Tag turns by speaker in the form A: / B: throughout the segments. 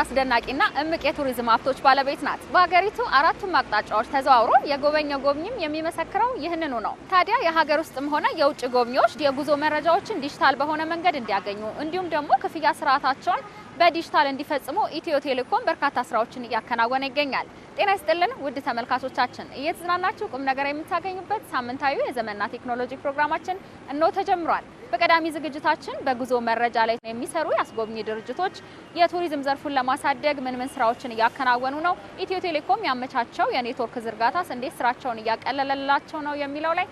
A: አስደናቂና እምቅ የቱሪዝም ሀብቶች ባለቤት ናት። በሀገሪቱ አራቱም አቅጣጫዎች ተዘዋውሮ የጎበኘ ጎብኝም የሚመሰክረው ይህንኑ ነው። ታዲያ የሀገር ውስጥም ሆነ የውጭ ጎብኚዎች የጉዞ መረጃዎችን ዲጂታል በሆነ መንገድ እንዲያገኙ እንዲሁም ደግሞ ክፍያ ስርዓታቸውን በዲጂታል እንዲፈጽሙ ኢትዮ ቴሌኮም በርካታ ስራዎችን እያከናወነ ይገኛል። ጤና ይስጥልን ውድ ተመልካቾቻችን፣ እየተዝናናችሁ ቁም ነገር የምታገኙበት ሳምንታዊ የዘመንና ቴክኖሎጂ ፕሮግራማችን እነሆ ተጀምሯል። በቀዳሚ ዝግጅታችን በጉዞ መረጃ ላይ የሚሰሩ የአስጎብኚ ድርጅቶች የቱሪዝም ዘርፉን ለማሳደግ ምን ምን ስራዎችን እያከናወኑ ነው፣ ኢትዮ ቴሌኮም ያመቻቸው የኔትወርክ ዝርጋታስ እንዴት ስራቸውን እያቀለለላቸው ነው የሚለው ላይ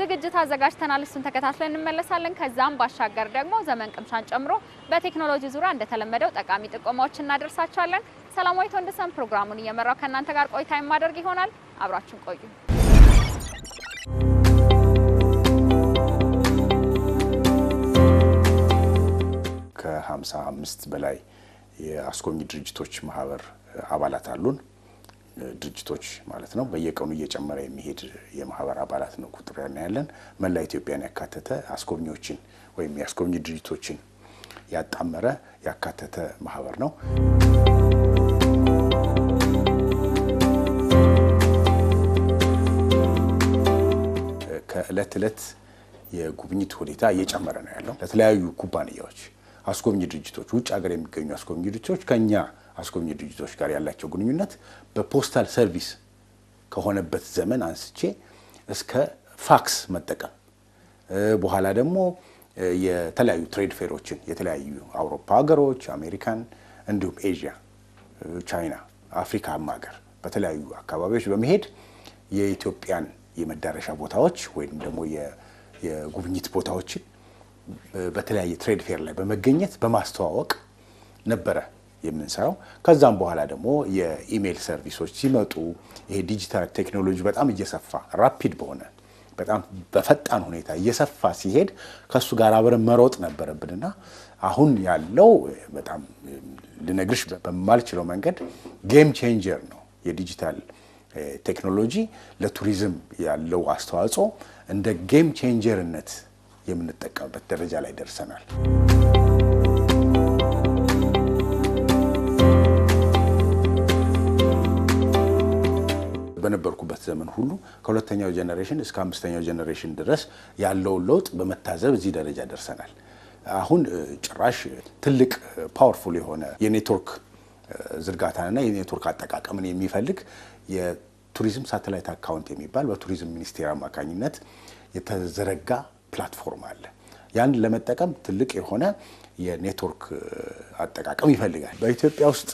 A: ዝግጅት አዘጋጅተናል። እሱን ተከታትለን እንመለሳለን። ከዛም ባሻገር ደግሞ ዘመን ቅምሻን ጨምሮ በቴክኖሎጂ ዙሪያ እንደተለመደው ጠቃሚ ጥቆማዎች እናደርሳቸዋለን። ሰላማዊት ወንድሰን ፕሮግራሙን እየመራው ከእናንተ ጋር ቆይታ የማደርግ ይሆናል። አብራችን ቆዩ።
B: ከ55 በላይ የአስጎብኚ ድርጅቶች ማህበር አባላት አሉን። ድርጅቶች ማለት ነው። በየቀኑ እየጨመረ የሚሄድ የማህበር አባላት ነው ቁጥር ያለን። መላ ኢትዮጵያን ያካተተ አስጎብኚዎችን ወይም የአስጎብኚ ድርጅቶችን ያጣመረ ያካተተ ማህበር ነው። ከእለት እለት የጉብኝት ሁኔታ እየጨመረ ነው ያለው ለተለያዩ ኩባንያዎች አስጎብኝ ድርጅቶች፣ ውጭ ሀገር የሚገኙ አስጎብኝ ድርጅቶች ከኛ አስጎብኝ ድርጅቶች ጋር ያላቸው ግንኙነት በፖስታል ሰርቪስ ከሆነበት ዘመን አንስቼ እስከ ፋክስ መጠቀም በኋላ ደግሞ የተለያዩ ትሬድ ፌሮችን የተለያዩ አውሮፓ ሀገሮች፣ አሜሪካን፣ እንዲሁም ኤዥያ፣ ቻይና፣ አፍሪካ ሀገር በተለያዩ አካባቢዎች በመሄድ የኢትዮጵያን የመዳረሻ ቦታዎች ወይም ደግሞ የጉብኝት ቦታዎችን በተለያየ ትሬድ ፌር ላይ በመገኘት በማስተዋወቅ ነበረ የምንሰራው። ከዛም በኋላ ደግሞ የኢሜይል ሰርቪሶች ሲመጡ ይሄ ዲጂታል ቴክኖሎጂ በጣም እየሰፋ ራፒድ በሆነ በጣም በፈጣን ሁኔታ እየሰፋ ሲሄድ ከሱ ጋር አብረን መሮጥ ነበረብንና አሁን ያለው በጣም ልነግርሽ በማልችለው መንገድ ጌም ቼንጀር ነው። የዲጂታል ቴክኖሎጂ ለቱሪዝም ያለው አስተዋጽኦ እንደ ጌም ቼንጀርነት የምንጠቀምበት ደረጃ ላይ ደርሰናል። በነበርኩበት ዘመን ሁሉ ከሁለተኛው ጀኔሬሽን እስከ አምስተኛው ጀኔሬሽን ድረስ ያለውን ለውጥ በመታዘብ እዚህ ደረጃ ደርሰናል። አሁን ጭራሽ ትልቅ ፓወርፉል የሆነ የኔትወርክ ዝርጋታንና የኔትወርክ አጠቃቀምን የሚፈልግ የቱሪዝም ሳተላይት አካውንት የሚባል በቱሪዝም ሚኒስቴር አማካኝነት የተዘረጋ ፕላትፎርም አለ። ያን ለመጠቀም ትልቅ የሆነ የኔትወርክ አጠቃቀም ይፈልጋል። በኢትዮጵያ ውስጥ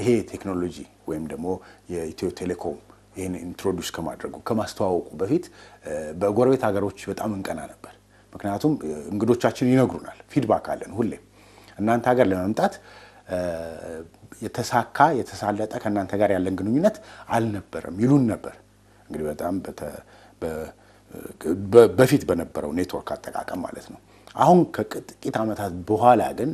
B: ይሄ ቴክኖሎጂ ወይም ደግሞ የኢትዮ ቴሌኮም ይህን ኢንትሮዱስ ከማድረጉ ከማስተዋወቁ በፊት በጎረቤት ሀገሮች በጣም እንቀና ነበር። ምክንያቱም እንግዶቻችን ይነግሩናል፣ ፊድባክ አለን። ሁሌም እናንተ ሀገር ለመምጣት የተሳካ የተሳለጠ ከእናንተ ጋር ያለን ግንኙነት አልነበረም ይሉን ነበር። እንግዲህ በጣም በፊት በነበረው ኔትወርክ አጠቃቀም ማለት ነው። አሁን ከጥቂት ዓመታት በኋላ ግን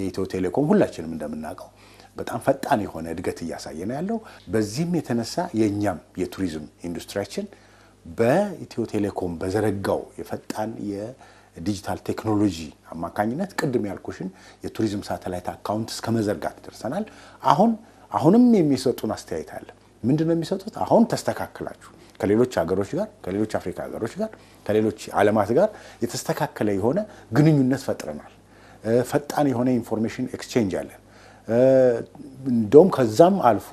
B: የኢትዮ ቴሌኮም ሁላችንም እንደምናውቀው በጣም ፈጣን የሆነ እድገት እያሳየ ነው ያለው። በዚህም የተነሳ የእኛም የቱሪዝም ኢንዱስትሪያችን በኢትዮ ቴሌኮም በዘረጋው የፈጣን የዲጂታል ቴክኖሎጂ አማካኝነት ቅድም ያልኩሽን የቱሪዝም ሳተላይት አካውንት እስከ መዘርጋት ደርሰናል። አሁን አሁንም የሚሰጡን አስተያየት አለ። ምንድን ነው የሚሰጡት? አሁን ተስተካክላችሁ ከሌሎች ሀገሮች ጋር ከሌሎች አፍሪካ ሀገሮች ጋር ከሌሎች ዓለማት ጋር የተስተካከለ የሆነ ግንኙነት ፈጥረናል። ፈጣን የሆነ ኢንፎርሜሽን ኤክስቼንጅ አለን። እንደውም ከዛም አልፎ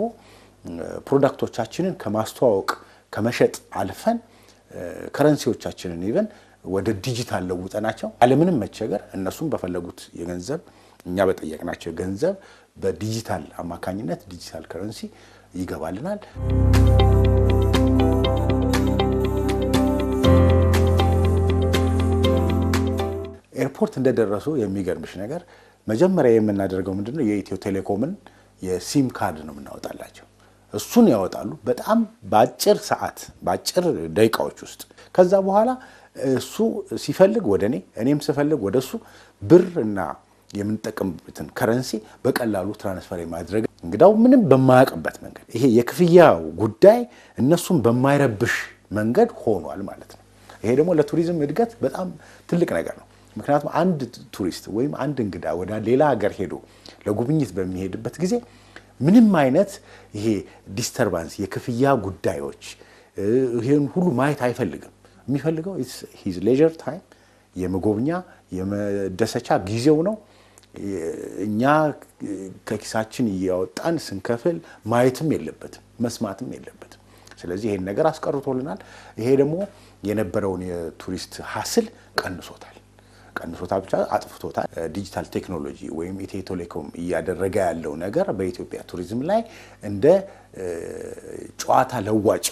B: ፕሮዳክቶቻችንን ከማስተዋወቅ ከመሸጥ አልፈን ከረንሲዎቻችንን ይበን ወደ ዲጂታል ለውጠናቸው አለምንም መቸገር እነሱም በፈለጉት የገንዘብ እኛ በጠየቅናቸው ገንዘብ በዲጂታል አማካኝነት ዲጂታል ከረንሲ ይገባልናል። ኤርፖርት እንደደረሱ የሚገርምሽ ነገር መጀመሪያ የምናደርገው ምንድነው ነው? የኢትዮ ቴሌኮምን የሲም ካርድ ነው የምናወጣላቸው። እሱን ያወጣሉ በጣም በአጭር ሰዓት በአጭር ደቂቃዎች ውስጥ። ከዛ በኋላ እሱ ሲፈልግ ወደ እኔ፣ እኔም ስፈልግ ወደ እሱ ብር እና የምንጠቀምበትን ከረንሲ በቀላሉ ትራንስፈር የማድረግ እንግዳው ምንም በማያውቅበት መንገድ ይሄ የክፍያ ጉዳይ እነሱን በማይረብሽ መንገድ ሆኗል ማለት ነው። ይሄ ደግሞ ለቱሪዝም እድገት በጣም ትልቅ ነገር ነው። ምክንያቱም አንድ ቱሪስት ወይም አንድ እንግዳ ወደ ሌላ ሀገር ሄዶ ለጉብኝት በሚሄድበት ጊዜ ምንም አይነት ይሄ ዲስተርባንስ የክፍያ ጉዳዮች ይህን ሁሉ ማየት አይፈልግም። የሚፈልገው ሂዝ ሌር ታይም የመጎብኛ የመደሰቻ ጊዜው ነው። እኛ ከኪሳችን እያወጣን ስንከፍል ማየትም የለበትም መስማትም የለበትም። ስለዚህ ይሄን ነገር አስቀርቶልናል። ይሄ ደግሞ የነበረውን የቱሪስት ሀስል ቀንሶታል። ቀንሶታል ብቻ አጥፍቶታል። ዲጂታል ቴክኖሎጂ ወይም ኢትዮ ቴሌኮም እያደረገ ያለው ነገር በኢትዮጵያ ቱሪዝም ላይ እንደ ጨዋታ ለዋጭ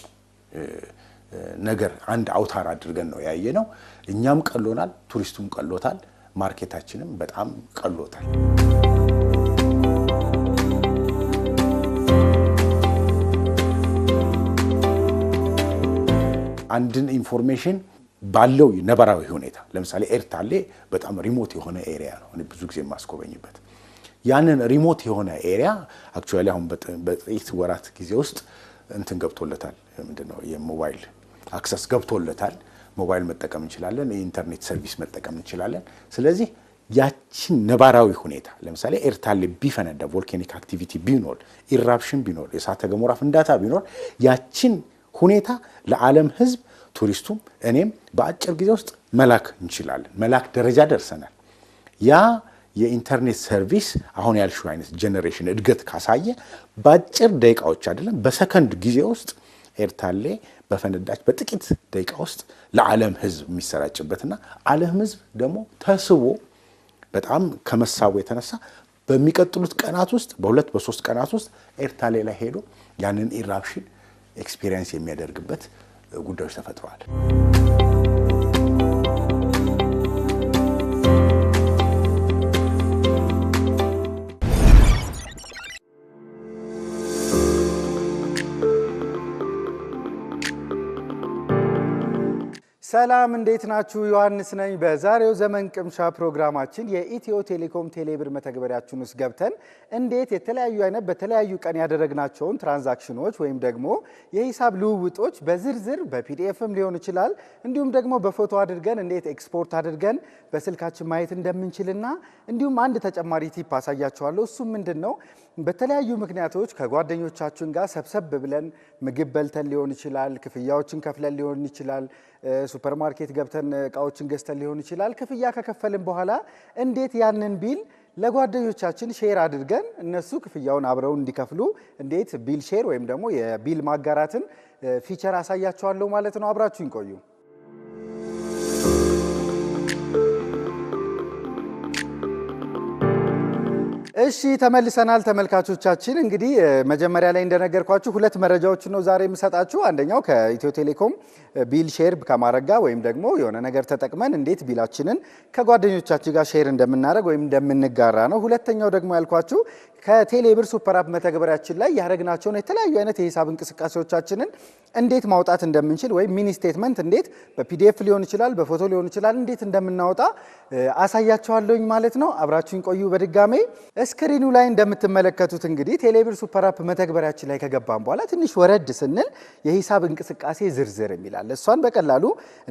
B: ነገር አንድ አውታር አድርገን ነው ያየ ነው። እኛም ቀሎናል፣ ቱሪስቱም ቀሎታል፣ ማርኬታችንም በጣም ቀሎታል። አንድን ኢንፎርሜሽን ባለው ነባራዊ ሁኔታ ለምሳሌ ኤርታሌ በጣም ሪሞት የሆነ ኤሪያ ነው፣ ብዙ ጊዜ የማስጎበኝበት ያንን ሪሞት የሆነ ኤሪያ አክቹዋሊ አሁን በጥቂት ወራት ጊዜ ውስጥ እንትን ገብቶለታል። ምንድነው የሞባይል አክሰስ ገብቶለታል። ሞባይል መጠቀም እንችላለን፣ የኢንተርኔት ሰርቪስ መጠቀም እንችላለን። ስለዚህ ያችን ነባራዊ ሁኔታ ለምሳሌ ኤርታሌ ቢፈነዳ ቮልኬኒክ አክቲቪቲ ቢኖር ኢራፕሽን ቢኖር የእሳተ ገሞራ ፍንዳታ ቢኖር ያችን ሁኔታ ለዓለም ህዝብ ቱሪስቱም እኔም በአጭር ጊዜ ውስጥ መላክ እንችላለን። መላክ ደረጃ ደርሰናል። ያ የኢንተርኔት ሰርቪስ አሁን ያልሽው አይነት ጀኔሬሽን እድገት ካሳየ በአጭር ደቂቃዎች አይደለም በሰከንድ ጊዜ ውስጥ ኤርታሌ በፈነዳች በጥቂት ደቂቃ ውስጥ ለዓለም ህዝብ የሚሰራጭበትና ዓለም ህዝብ ደግሞ ተስቦ በጣም ከመሳቡ የተነሳ በሚቀጥሉት ቀናት ውስጥ በሁለት በሶስት ቀናት ውስጥ ኤርታሌ ላይ ሄዶ ያንን ኢራፕሽን ኤክስፒሪየንስ የሚያደርግበት ጉዳዮች ተፈጥረዋል።
C: ሰላም እንዴት ናችሁ? ዮሐንስ ነኝ። በዛሬው ዘመን ቅምሻ ፕሮግራማችን የኢትዮ ቴሌኮም ቴሌብር መተግበሪያችን ውስጥ ገብተን እንዴት የተለያዩ አይነት በተለያዩ ቀን ያደረግናቸውን ትራንዛክሽኖች ወይም ደግሞ የሂሳብ ልውውጦች በዝርዝር በፒዲኤፍም ሊሆን ይችላል እንዲሁም ደግሞ በፎቶ አድርገን እንዴት ኤክስፖርት አድርገን በስልካችን ማየት እንደምንችልና እንዲሁም አንድ ተጨማሪ ቲፕ አሳያቸዋለሁ። እሱም ምንድን ነው በተለያዩ ምክንያቶች ከጓደኞቻችን ጋር ሰብሰብ ብለን ምግብ በልተን ሊሆን ይችላል፣ ክፍያዎችን ከፍለን ሊሆን ይችላል፣ ሱፐርማርኬት ገብተን እቃዎችን ገዝተን ሊሆን ይችላል። ክፍያ ከከፈልን በኋላ እንዴት ያንን ቢል ለጓደኞቻችን ሼር አድርገን እነሱ ክፍያውን አብረው እንዲከፍሉ እንዴት ቢል ሼር ወይም ደግሞ የቢል ማጋራትን ፊቸር አሳያቸዋለሁ ማለት ነው። አብራችሁኝ ቆዩ። እሺ ተመልሰናል ተመልካቾቻችን። እንግዲህ መጀመሪያ ላይ እንደነገርኳችሁ ሁለት መረጃዎችን ነው ዛሬ የምሰጣችሁ። አንደኛው ከኢትዮ ቴሌኮም ቢል ሼር ከማረጋ ወይም ደግሞ የሆነ ነገር ተጠቅመን እንዴት ቢላችንን ከጓደኞቻችን ጋር ሼር እንደምናደርግ ወይም እንደምንጋራ ነው። ሁለተኛው ደግሞ ያልኳችሁ ከቴሌብር ሱፐር አፕ መተግበሪያችን ላይ ያደረግናቸውን የተለያዩ አይነት የሂሳብ እንቅስቃሴዎቻችንን እንዴት ማውጣት እንደምንችል ወይም ሚኒ ስቴትመንት እንዴት በፒዲኤፍ ሊሆን ይችላል፣ በፎቶ ሊሆን ይችላል፣ እንዴት እንደምናወጣ አሳያቸዋለኝ ማለት ነው። አብራችሁን ቆዩ። በድጋሜ እስክሪኑ ላይ እንደምትመለከቱት እንግዲህ ቴሌብር ሱፐር አፕ መተግበሪያችን ላይ ከገባን በኋላ ትንሽ ወረድ ስንል የሂሳብ እንቅስቃሴ ዝርዝር የሚላል እሷን በቀላሉ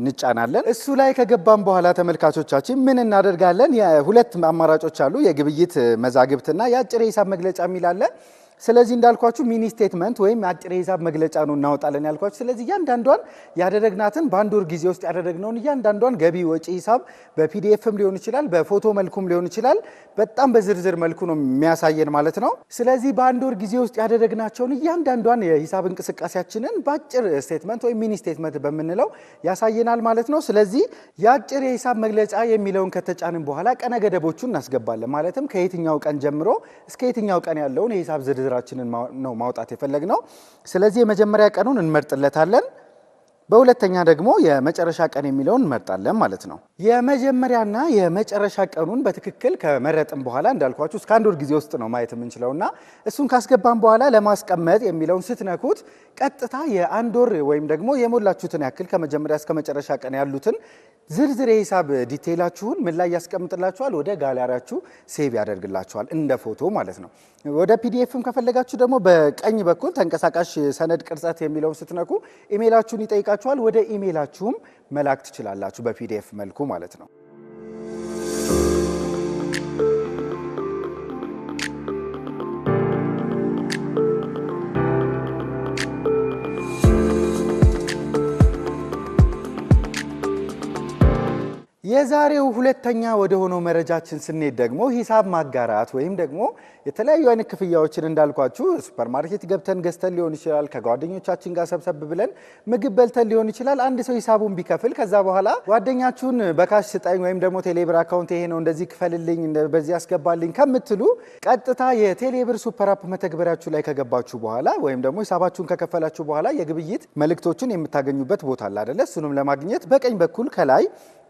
C: እንጫናለን። እሱ ላይ ከገባን በኋላ ተመልካቾቻችን ምን እናደርጋለን? ሁለት አማራጮች አሉ፣ የግብይት መዛግብትና የአጭር የሀሳብ መግለጫ የሚል አለ። ስለዚህ እንዳልኳችሁ ሚኒ ስቴትመንት ወይም አጭር የሂሳብ መግለጫ ነው እናወጣለን ያልኳችሁ። ስለዚህ እያንዳንዷን ያደረግናትን በአንድ ወር ጊዜ ውስጥ ያደረግነውን እያንዳንዷን ገቢ ወጪ ሂሳብ በፒዲኤፍም ሊሆን ይችላል፣ በፎቶ መልኩም ሊሆን ይችላል። በጣም በዝርዝር መልኩ ነው የሚያሳየን ማለት ነው። ስለዚህ በአንድ ወር ጊዜ ውስጥ ያደረግናቸውን እያንዳንዷን የሂሳብ እንቅስቃሴያችንን በአጭር ስቴትመንት ወይም ሚኒ ስቴትመንት በምንለው ያሳየናል ማለት ነው። ስለዚህ የአጭር የሂሳብ መግለጫ የሚለውን ከተጫንን በኋላ ቀነ ገደቦቹ እናስገባለን። ማለትም ከየትኛው ቀን ጀምሮ እስከ የትኛው ቀን ያለውን የሂሳብ ዝርዝር ውድድራችንን ነው ማውጣት የፈለግ ነው። ስለዚህ የመጀመሪያ ቀኑን እንመርጥለታለን። በሁለተኛ ደግሞ የመጨረሻ ቀን የሚለውን እንመርጣለን ማለት ነው። የመጀመሪያና የመጨረሻ ቀኑን በትክክል ከመረጥን በኋላ እንዳልኳችሁ እስከ አንድ ወር ጊዜ ውስጥ ነው ማየት እና እሱን ካስገባን በኋላ ለማስቀመጥ የሚለውን ስትነኩት ቀጥታ የአንድ ወር ወይም ደግሞ የሞላችሁትን ያክል ከመጀመሪያ እስከ መጨረሻ ቀን ያሉትን ዝርዝር የሂሳብ ዲቴይላችሁን ምን ላይ ያስቀምጥላችኋል? ወደ ጋላሪያችሁ ሴቭ ያደርግላችኋል እንደ ፎቶ ማለት ነው። ወደ ፒዲኤፍም ከፈለጋችሁ ደግሞ በቀኝ በኩል ተንቀሳቃሽ ሰነድ ቅርጸት የሚለውን ስትነኩ ኢሜይላችሁን ይጠይቃችኋል። ወደ ኢሜይላችሁም መላክ ትችላላችሁ በፒዲኤፍ መልኩ ማለት ነው። የዛሬው ሁለተኛ ወደ ሆነው መረጃችን ስንሄድ ደግሞ ሂሳብ ማጋራት ወይም ደግሞ የተለያዩ አይነት ክፍያዎችን እንዳልኳችሁ ሱፐርማርኬት ገብተን ገዝተን ሊሆን ይችላል። ከጓደኞቻችን ጋር ሰብሰብ ብለን ምግብ በልተን ሊሆን ይችላል። አንድ ሰው ሂሳቡን ቢከፍል ከዛ በኋላ ጓደኛችሁን በካሽ ስጠኝ ወይም ደግሞ ቴሌብር አካውንት ይሄ ነው እንደዚህ ክፈልልኝ፣ በዚህ ያስገባልኝ ከምትሉ ቀጥታ የቴሌብር ሱፐር አፕ መተግበሪያችሁ ላይ ከገባችሁ በኋላ ወይም ደግሞ ሂሳባችሁን ከከፈላችሁ በኋላ የግብይት መልእክቶችን የምታገኙበት ቦታ አለ አደለ? እሱንም ለማግኘት በቀኝ በኩል ከላይ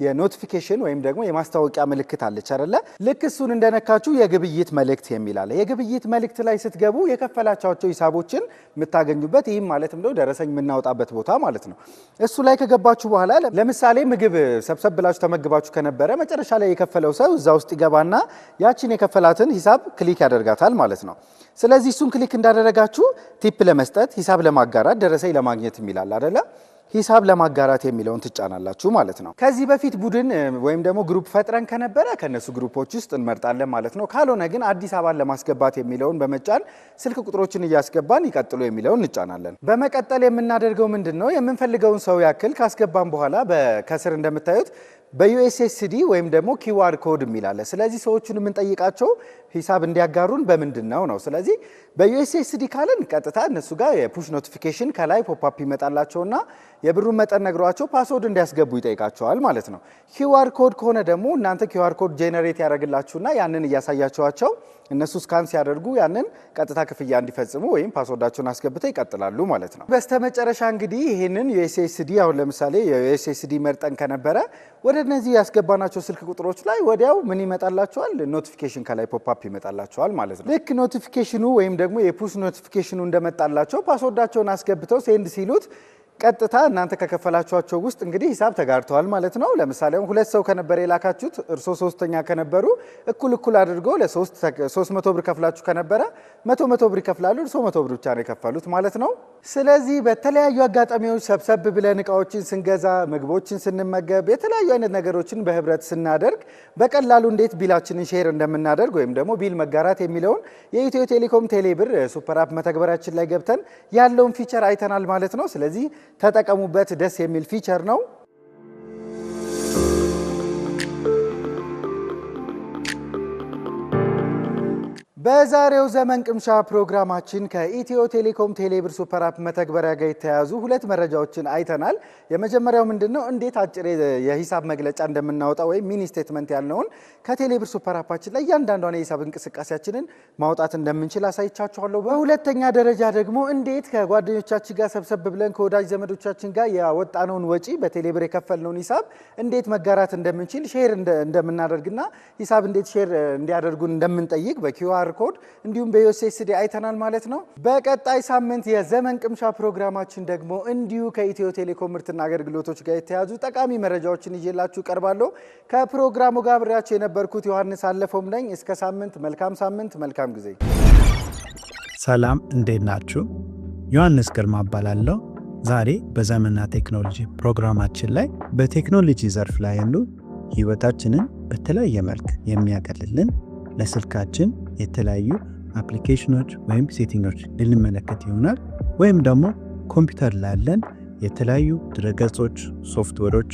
C: የኖቲፊኬሽን ሴሽን ወይም ደግሞ የማስታወቂያ ምልክት አለች አይደለ? ልክ እሱን እንደነካችሁ የግብይት መልእክት የሚላለ የግብይት መልእክት ላይ ስትገቡ የከፈላቻቸው ሂሳቦችን የምታገኙበት ይህም ማለት እንደው ደረሰኝ የምናወጣበት ቦታ ማለት ነው። እሱ ላይ ከገባችሁ በኋላ ለምሳሌ ምግብ ሰብሰብ ብላችሁ ተመግባችሁ ከነበረ መጨረሻ ላይ የከፈለው ሰው እዛ ውስጥ ይገባና ያችን የከፈላትን ሂሳብ ክሊክ ያደርጋታል ማለት ነው። ስለዚህ እሱን ክሊክ እንዳደረጋችሁ ቲፕ ለመስጠት ሂሳብ ለማጋራት ደረሰኝ ለማግኘት የሚላል አይደለ? ሂሳብ ለማጋራት የሚለውን ትጫናላችሁ ማለት ነው። ከዚህ በፊት ቡድን ወይም ደግሞ ግሩፕ ፈጥረን ከነበረ ከነሱ ግሩፖች ውስጥ እንመርጣለን ማለት ነው። ካልሆነ ግን አዲስ አበባን ለማስገባት የሚለውን በመጫን ስልክ ቁጥሮችን እያስገባን ይቀጥሉ የሚለውን እንጫናለን። በመቀጠል የምናደርገው ምንድን ነው? የምንፈልገውን ሰው ያክል ካስገባን በኋላ ከስር እንደምታዩት በዩኤስኤስዲ ወይም ደግሞ ኪዋር ኮድ የሚላለ ስለዚህ ሰዎቹን የምንጠይቃቸው ሂሳብ እንዲያጋሩን በምንድን ነው ነው። ስለዚህ በዩኤስኤስዲ ካልን ቀጥታ እነሱ ጋር የፑሽ ኖቲፊኬሽን ከላይ ፖፕአፕ ይመጣላቸውና የብሩን መጠን ነግሯቸው ፓስወርድ እንዲያስገቡ ይጠይቃቸዋል ማለት ነው። ኪዋር ኮድ ከሆነ ደግሞ እናንተ ኪዋር ኮድ ጄኔሬት ያደረግላችሁና ያንን እያሳያቸዋቸው እነሱ ስካን ሲያደርጉ ያንን ቀጥታ ክፍያ እንዲፈጽሙ ወይም ፓስወርዳቸውን አስገብተው ይቀጥላሉ ማለት ነው። በስተመጨረሻ እንግዲህ ይህንን ዩኤስኤስዲ አሁን ለምሳሌ የዩኤስኤስዲ መርጠን ከነበረ ወደ እነዚህ ያስገባናቸው ስልክ ቁጥሮች ላይ ወዲያው ምን ይመጣላቸዋል ኖቲፊኬሽን ከላይ ፖፕአፕ ፖፕአፕ ይመጣላቸዋል ማለት ነው። ልክ ኖቲፊኬሽኑ ወይም ደግሞ የፑሽ ኖቲፊኬሽኑ እንደመጣላቸው ፓስወርዳቸውን አስገብተው ሴንድ ሲሉት ቀጥታ እናንተ ከከፈላችኋቸው ውስጥ እንግዲህ ሂሳብ ተጋርተዋል ማለት ነው። ለምሳሌ ሁለት ሰው ከነበረ የላካችሁት እርሶ ሶስተኛ ከነበሩ እኩል እኩል አድርጎ ለ ሶስት መቶ ብር ከፍላችሁ ከነበረ መቶ መቶ ብር ይከፍላሉ። እርሶ መቶ ብር ብቻ ነው የከፈሉት ማለት ነው። ስለዚህ በተለያዩ አጋጣሚዎች ሰብሰብ ብለን እቃዎችን ስንገዛ፣ ምግቦችን ስንመገብ፣ የተለያዩ አይነት ነገሮችን በህብረት ስናደርግ በቀላሉ እንዴት ቢላችንን ሼር እንደምናደርግ ወይም ደግሞ ቢል መጋራት የሚለውን የኢትዮ ቴሌኮም ቴሌብር ሱፐር አፕ መተግበሪያችን ላይ ገብተን ያለውን ፊቸር አይተናል ማለት ነው። ስለዚህ ተጠቀሙበት፣ ደስ የሚል ፊቸር ነው። በዛሬው ዘመን ቅምሻ ፕሮግራማችን ከኢትዮ ቴሌኮም ቴሌብር ሱፐር አፕ መተግበሪያ ጋር የተያያዙ ሁለት መረጃዎችን አይተናል። የመጀመሪያው ምንድን ነው? እንዴት አጭር የሂሳብ መግለጫ እንደምናወጣ ወይም ሚኒ ስቴትመንት ያልነውን ከቴሌብር ሱፐር አፓችን ላይ እያንዳንዷን የሂሳብ እንቅስቃሴያችንን ማውጣት እንደምንችል አሳይቻችኋለሁ። በሁለተኛ ደረጃ ደግሞ እንዴት ከጓደኞቻችን ጋር ሰብሰብ ብለን ከወዳጅ ዘመዶቻችን ጋር ያወጣነውን ወጪ በቴሌብር የከፈልነውን ሂሳብ እንዴት መጋራት እንደምንችል ሼር እንደምናደርግና ሂሳብ እንዴት ሼር እንዲያደርጉን እንደምንጠይቅ በኪዋር በኪውአር ኮድ እንዲሁም በዩኤስኤስዲ አይተናል ማለት ነው። በቀጣይ ሳምንት የዘመን ቅምሻ ፕሮግራማችን ደግሞ እንዲሁ ከኢትዮ ቴሌኮም ምርትና አገልግሎቶች ጋር የተያዙ ጠቃሚ መረጃዎችን ይዤላችሁ ቀርባለሁ። ከፕሮግራሙ ጋር አብሬያችሁ የነበርኩት ዮሐንስ አለፈውም ነኝ። እስከ ሳምንት፣ መልካም ሳምንት፣ መልካም ጊዜ።
D: ሰላም፣ እንዴት ናችሁ? ዮሐንስ ግርማ እባላለሁ። ዛሬ በዘመንና ቴክኖሎጂ ፕሮግራማችን ላይ በቴክኖሎጂ ዘርፍ ላይ ያሉ ህይወታችንን በተለያየ መልክ የሚያቀልልን ለስልካችን የተለያዩ አፕሊኬሽኖች ወይም ሴቲንጎች ልንመለከት ይሆናል። ወይም ደግሞ ኮምፒውተር ላለን የተለያዩ ድረገጾች፣ ሶፍትዌሮች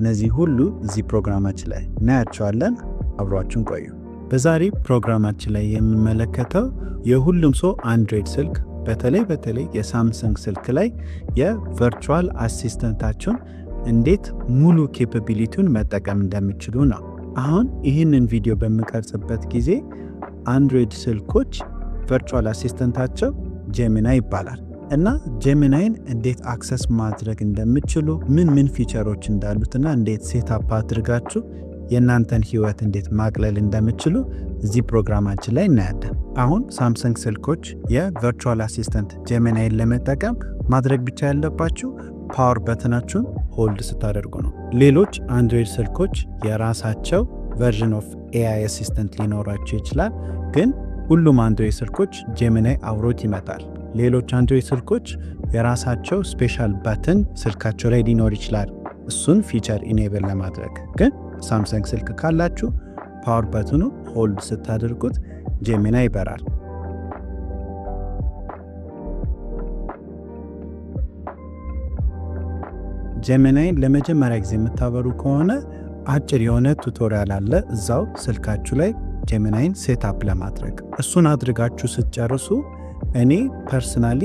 D: እነዚህ ሁሉ እዚህ ፕሮግራማችን ላይ እናያቸዋለን። አብሯችን ቆዩ። በዛሬ ፕሮግራማችን ላይ የምንመለከተው የሁሉም ሰው አንድሮይድ ስልክ በተለይ በተለይ የሳምሰንግ ስልክ ላይ የቨርቹዋል አሲስተንታችን እንዴት ሙሉ ኬፐቢሊቲውን መጠቀም እንደሚችሉ ነው። አሁን ይህንን ቪዲዮ በምቀርጽበት ጊዜ አንድሮይድ ስልኮች ቨርቹዋል አሲስተንታቸው ጀሚና ይባላል እና ጀሚናይን እንዴት አክሰስ ማድረግ እንደምችሉ ምን ምን ፊቸሮች እንዳሉትና እንዴት ሴታፕ አድርጋችሁ የእናንተን ህይወት እንዴት ማቅለል እንደምችሉ እዚህ ፕሮግራማችን ላይ እናያለን። አሁን ሳምሰንግ ስልኮች የቨርቹዋል አሲስተንት ጀሚናይን ለመጠቀም ማድረግ ብቻ ያለባችሁ ፓወር በተናችሁን ሆልድ ስታደርጉ ነው። ሌሎች አንድሮይድ ስልኮች የራሳቸው ቨርዥን ኦፍ ኤአይ አሲስተንት ሊኖራቸው ይችላል። ግን ሁሉም አንድሮይድ ስልኮች ጄሚናይ አብሮት ይመጣል። ሌሎች አንድሮይድ ስልኮች የራሳቸው ስፔሻል ባትን ስልካቸው ላይ ሊኖር ይችላል። እሱን ፊቸር ኢኔብል ለማድረግ ግን ሳምሰንግ ስልክ ካላችሁ ፓወር በትኑ ሆልድ ስታደርጉት ጄሚና ይበራል። ጄሚናይን ለመጀመሪያ ጊዜ የምታበሩ ከሆነ አጭር የሆነ ቱቶሪያል አለ እዛው ስልካችሁ ላይ ጀሚናይን ሴትአፕ ለማድረግ እሱን አድርጋችሁ ስትጨርሱ እኔ ፐርስናሊ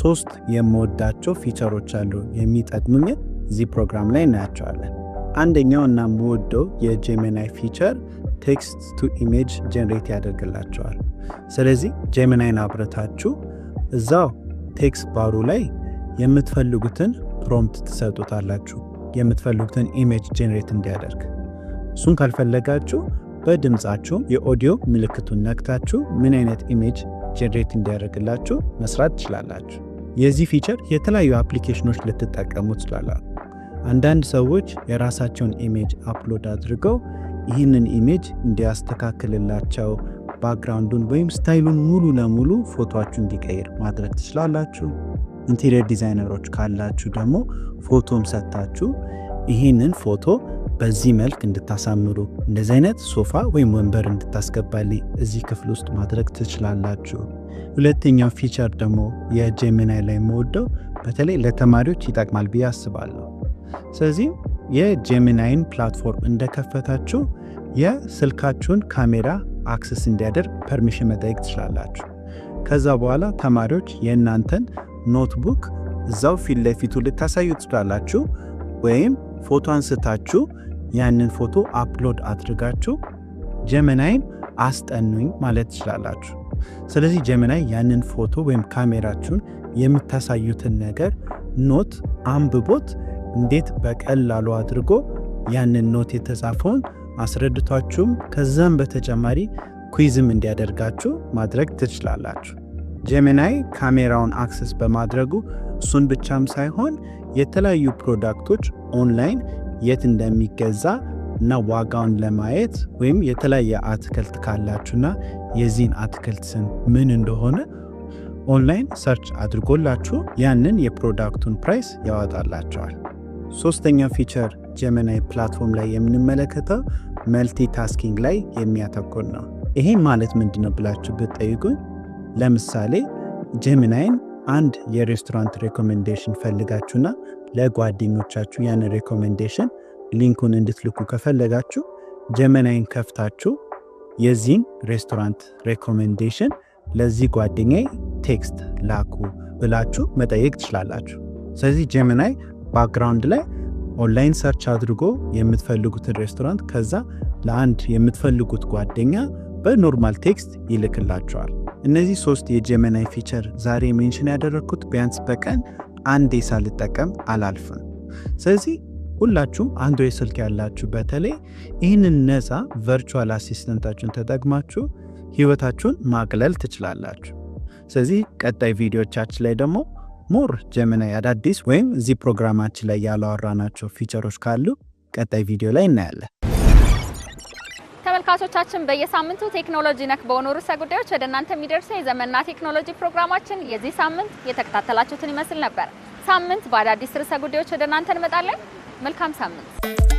D: ሶስት የምወዳቸው ፊቸሮች አሉ የሚጠቅሙኝ እዚህ ፕሮግራም ላይ እናያቸዋለን። አንደኛው እና የምወደው የጀሚናይ ፊቸር ቴክስት ቱ ኢሜጅ ጀነሬት ያደርግላቸዋል። ስለዚህ ጀሚናይን አብረታችሁ እዛው ቴክስት ባሩ ላይ የምትፈልጉትን ፕሮምፕት ትሰጡታላችሁ። የምትፈልጉትን ኢሜጅ ጄኔሬት እንዲያደርግ። እሱን ካልፈለጋችሁ በድምፃችሁ የኦዲዮ ምልክቱን ነክታችሁ ምን አይነት ኢሜጅ ጄኔሬት እንዲያደርግላችሁ መስራት ትችላላችሁ። የዚህ ፊቸር የተለያዩ አፕሊኬሽኖች ልትጠቀሙ ትችላላችሁ። አንዳንድ ሰዎች የራሳቸውን ኢሜጅ አፕሎድ አድርገው ይህንን ኢሜጅ እንዲያስተካክልላቸው ባክግራውንዱን ወይም ስታይሉን ሙሉ ለሙሉ ፎቶችሁ እንዲቀይር ማድረግ ትችላላችሁ። ኢንቴሪየር ዲዛይነሮች ካላችሁ ደግሞ ፎቶም ሰጥታችሁ ይህንን ፎቶ በዚህ መልክ እንድታሳምሩ እንደዚህ አይነት ሶፋ ወይም ወንበር እንድታስገባልኝ እዚህ ክፍል ውስጥ ማድረግ ትችላላችሁ። ሁለተኛው ፊቸር ደግሞ የጀሚናይ ላይ የምወደው በተለይ ለተማሪዎች ይጠቅማል ብዬ አስባለሁ። ስለዚህ የጀሚናይን ፕላትፎርም እንደከፈታችሁ የስልካችሁን ካሜራ አክሰስ እንዲያደርግ ፐርሚሽን መጠየቅ ትችላላችሁ። ከዛ በኋላ ተማሪዎች የእናንተን ኖትቡክ እዛው ፊት ለፊቱ ልታሳዩ ትችላላችሁ። ወይም ፎቶ አንስታችሁ ያንን ፎቶ አፕሎድ አድርጋችሁ ጀመናይን አስጠኑኝ ማለት ትችላላችሁ። ስለዚህ ጀመናይ ያንን ፎቶ ወይም ካሜራችሁን የምታሳዩትን ነገር ኖት አንብቦት እንዴት በቀላሉ አድርጎ ያንን ኖት የተጻፈውን አስረድቷችሁም ከዛም በተጨማሪ ኩይዝም እንዲያደርጋችሁ ማድረግ ትችላላችሁ። ጀሚናይ ካሜራውን አክሰስ በማድረጉ እሱን ብቻም ሳይሆን የተለያዩ ፕሮዳክቶች ኦንላይን የት እንደሚገዛ እና ዋጋውን ለማየት ወይም የተለያየ አትክልት ካላችሁና የዚህን አትክልት ስም ምን እንደሆነ ኦንላይን ሰርች አድርጎላችሁ ያንን የፕሮዳክቱን ፕራይስ ያወጣላቸዋል። ሶስተኛው ፊቸር ጀመናይ ፕላትፎርም ላይ የምንመለከተው መልቲ ታስኪንግ ላይ የሚያተኩር ነው። ይሄ ማለት ምንድነው ብላችሁ ብትጠይቁኝ ለምሳሌ ጀሚናይን አንድ የሬስቶራንት ሬኮሜንዴሽን ፈልጋችሁና ለጓደኞቻችሁ ያን ሬኮሜንዴሽን ሊንኩን እንድትልኩ ከፈለጋችሁ ጀመናይን ከፍታችሁ የዚህን ሬስቶራንት ሬኮሜንዴሽን ለዚህ ጓደኛ ቴክስት ላኩ ብላችሁ መጠየቅ ትችላላችሁ። ስለዚህ ጀመናይ ባክግራውንድ ላይ ኦንላይን ሰርች አድርጎ የምትፈልጉትን ሬስቶራንት ከዛ ለአንድ የምትፈልጉት ጓደኛ በኖርማል ቴክስት ይልክላቸዋል። እነዚህ ሶስት የጀመናይ ፊቸር ዛሬ ሜንሽን ያደረግኩት ቢያንስ በቀን አንዴ ሳልጠቀም አላልፍም። ስለዚህ ሁላችሁም አንድሮይድ ስልክ ያላችሁ በተለይ ይህንን ነፃ ቨርቹዋል አሲስተንታችሁን ተጠቅማችሁ ህይወታችሁን ማቅለል ትችላላችሁ። ስለዚህ ቀጣይ ቪዲዮቻችን ላይ ደግሞ ሞር ጀመናይ አዳዲስ ወይም እዚህ ፕሮግራማችን ላይ ያላወራናቸው ፊቸሮች ካሉ ቀጣይ ቪዲዮ ላይ እናያለን። ተመልካቾቻችን በየሳምንቱ ቴክኖሎጂ ነክ በሆኑ ርዕሰ ጉዳዮች ወደ እናንተ የሚደርሰው የዘመንና ቴክኖሎጂ ፕሮግራማችን የዚህ ሳምንት የተከታተላችሁትን ይመስል ነበር። ሳምንት በአዳዲስ ርዕሰ ጉዳዮች ወደ እናንተ እንመጣለን። መልካም ሳምንት።